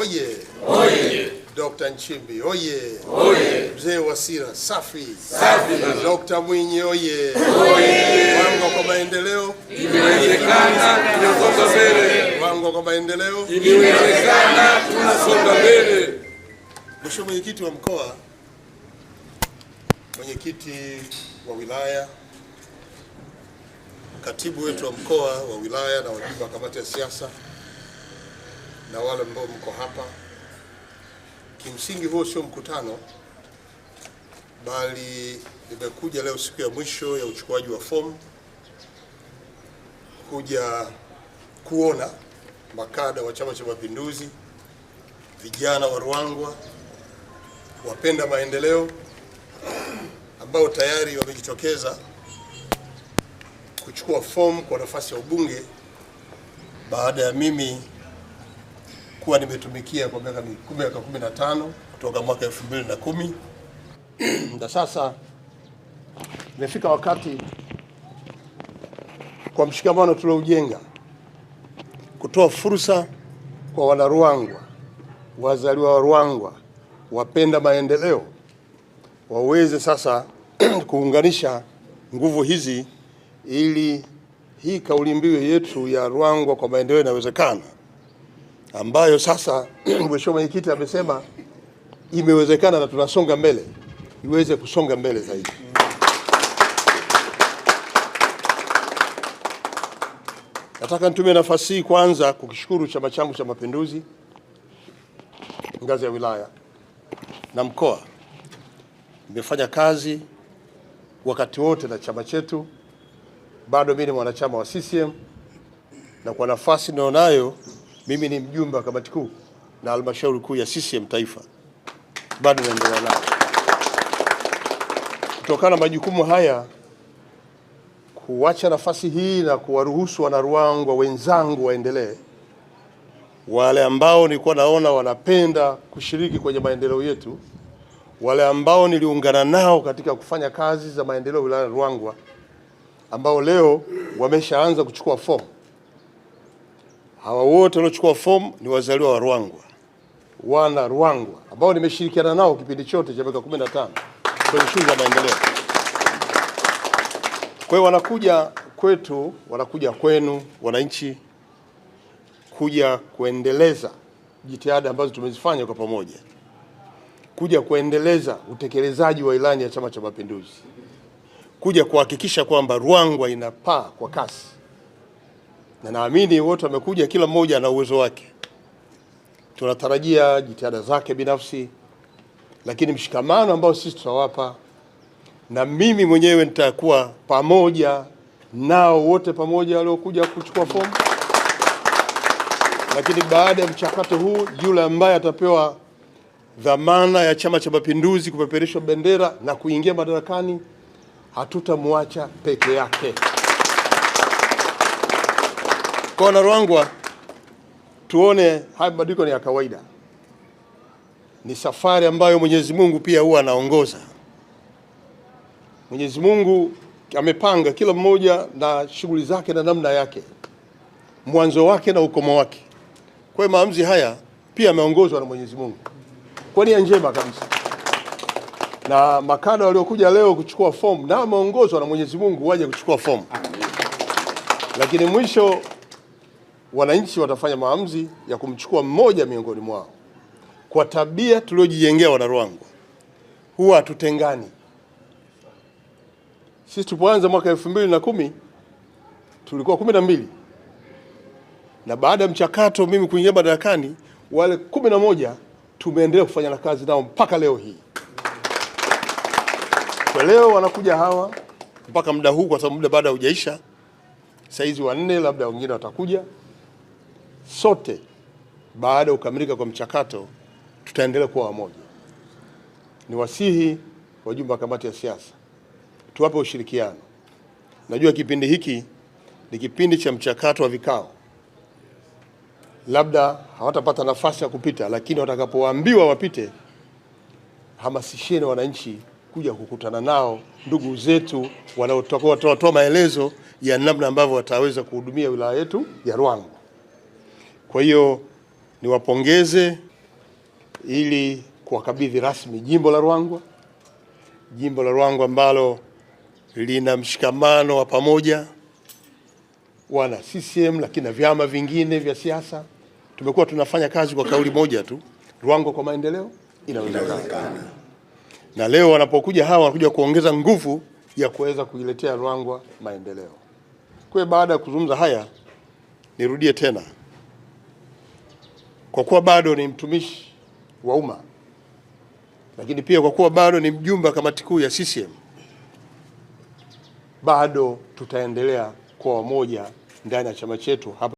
oye, oye. Dr. Nchimbi oye, oye. Mzee Wasira safi safi. Dr. Mwinyi oye, oye. Wango kwa maendeleo imewezekana, tunasonga mbele. Wango kwa maendeleo imewezekana, tunasonga mbele. Mheshimiwa mwenyekiti wa mkoa, mwenyekiti wa wilaya, katibu wetu wa mkoa wa wilaya na wajumbe wa kamati ya siasa na wale ambao mko hapa. Kimsingi huo sio mkutano, bali nimekuja leo siku ya mwisho ya uchukuaji wa fomu kuja kuona makada wa Chama cha Mapinduzi, vijana wa Ruangwa, wapenda maendeleo ambao tayari wamejitokeza kuchukua fomu kwa nafasi ya ubunge baada ya mimi kuwa nimetumikia kwa miaka kumi na tano kutoka mwaka elfu mbili na kumi na sasa imefika wakati kwa mshikamano tuloujenga kutoa fursa kwa Wanaruangwa, wazaliwa wa Ruangwa, wapenda maendeleo waweze sasa kuunganisha nguvu hizi ili hii kauli mbiu yetu ya Ruangwa kwa maendeleo inawezekana ambayo sasa mheshimiwa mwenyekiti amesema imewezekana na tunasonga mbele, iweze kusonga mbele zaidi. Nataka nitumie nafasi hii kwanza kukishukuru chama changu cha Mapinduzi ngazi ya wilaya na mkoa. Nimefanya kazi wakati wote na chama chetu, bado mimi ni mwanachama wa CCM na kwa nafasi ninayonayo mimi ni mjumbe wa kamati kuu na halmashauri kuu ya CCM taifa, bado naendelea nao. Kutokana na majukumu haya, kuacha nafasi hii na kuwaruhusu wanaruangwa wenzangu waendelee, wale ambao nilikuwa naona wanapenda kushiriki kwenye maendeleo yetu, wale ambao niliungana nao katika kufanya kazi za maendeleo wilaya ya Ruangwa ambao leo wameshaanza kuchukua fomu Hawa wote waliochukua fomu ni wazaliwa wa Ruangwa, wana Ruangwa ambao nimeshirikiana nao kipindi chote cha miaka 15 kwenye shughuli za maendeleo. Kwa hiyo wanakuja kwetu, wanakuja kwenu, wananchi, kuja kuendeleza jitihada ambazo tumezifanya kwa pamoja, kuja kuendeleza utekelezaji wa ilani ya Chama cha Mapinduzi, kuja kuhakikisha kwamba Ruangwa inapaa kwa kasi na naamini wote wamekuja, kila mmoja ana uwezo wake. Tunatarajia jitihada zake binafsi, lakini mshikamano ambao sisi tutawapa, na mimi mwenyewe nitakuwa pamoja nao wote pamoja waliokuja kuchukua fomu lakini baada ya mchakato huu, yule ambaye atapewa dhamana ya Chama cha Mapinduzi kupeperishwa bendera na kuingia madarakani, hatutamwacha peke yake. Kwa Wanarwangwa, tuone haya mabadiliko ni ya kawaida, ni safari ambayo Mwenyezi Mungu pia huwa anaongoza. Mwenyezi Mungu amepanga kila mmoja na shughuli zake na namna yake, mwanzo wake na ukomo wake. Kwa hiyo maamuzi haya pia ameongozwa na Mwenyezi Mungu kwa nia njema kabisa, na makada waliokuja leo kuchukua fomu na ameongozwa na Mwenyezi Mungu waje kuchukua fomu, lakini mwisho wananchi watafanya maamuzi ya kumchukua mmoja miongoni mwao. Kwa tabia tuliojijengea wana Ruangwa, huwa hatutengani. Sisi tulipoanza mwaka elfu mbili na kumi tulikuwa kumi na mbili na baada ya mchakato mimi kuingia madarakani wale kumi na moja tumeendelea kufanya na kazi nao mpaka leo hii. Kwa leo wanakuja hawa mpaka muda huu, kwa sababu muda baada haujaisha. Saizi wanne, labda wengine watakuja sote baada ya kukamilika kwa mchakato tutaendelea kuwa wamoja. Ni wasihi wajumbe wa kamati ya siasa tuwape ushirikiano. Najua kipindi hiki ni kipindi cha mchakato wa vikao, labda hawatapata nafasi ya kupita, lakini watakapoambiwa wapite, hamasisheni wananchi kuja kukutana nao, ndugu zetu wanaotoa maelezo ya namna ambavyo wataweza kuhudumia wilaya yetu ya Ruangwa. Kwa hiyo niwapongeze ili kuwakabidhi rasmi jimbo la Ruangwa, jimbo la Ruangwa ambalo lina mshikamano wa pamoja wana CCM lakini na vyama vingine vya siasa. Tumekuwa tunafanya kazi kwa kauli moja tu, Ruangwa kwa maendeleo inawezekana, na leo wanapokuja hawa wanakuja kuongeza nguvu ya kuweza kuiletea Ruangwa maendeleo. Kwa baada ya kuzungumza haya, nirudie tena kwa kuwa bado ni mtumishi wa umma, lakini pia kwa kuwa bado ni mjumbe wa kamati kuu ya CCM, bado tutaendelea kuwa wamoja ndani ya chama chetu hapa.